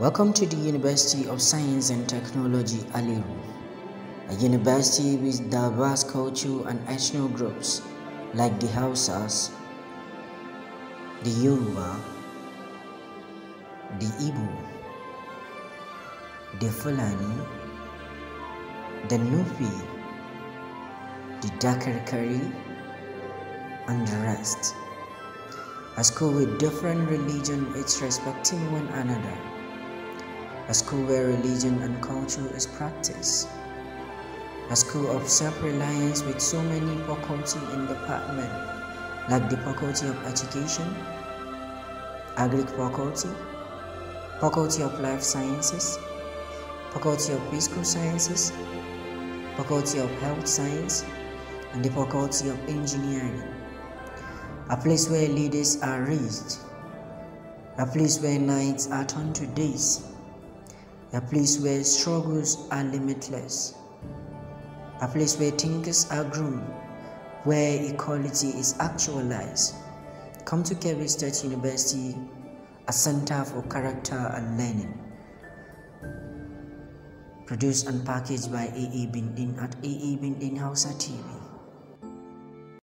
Welcome to the University of Science and Technology Aliru, a university with diverse cultural and ethnic groups like the Hausas, the Yoruba, the Ibo, the Fulani, the Nupi, the Dakarkari, and the rest. A school with different religion, each respecting one another a school where religion and culture is practiced, a school of self-reliance with so many faculty and department, like the faculty of education, agri faculty, faculty of life sciences, faculty of physical sciences, faculty of health science, and the faculty of engineering. A place where leaders are raised, a place where nights are turned to days, a place where struggles are limitless, a place where thinkers are groomed, where equality is actualized. Come to Kebbi State University, a center for character and learning. Produced and packaged by AA Bindin at AA Bindin Hausa TV.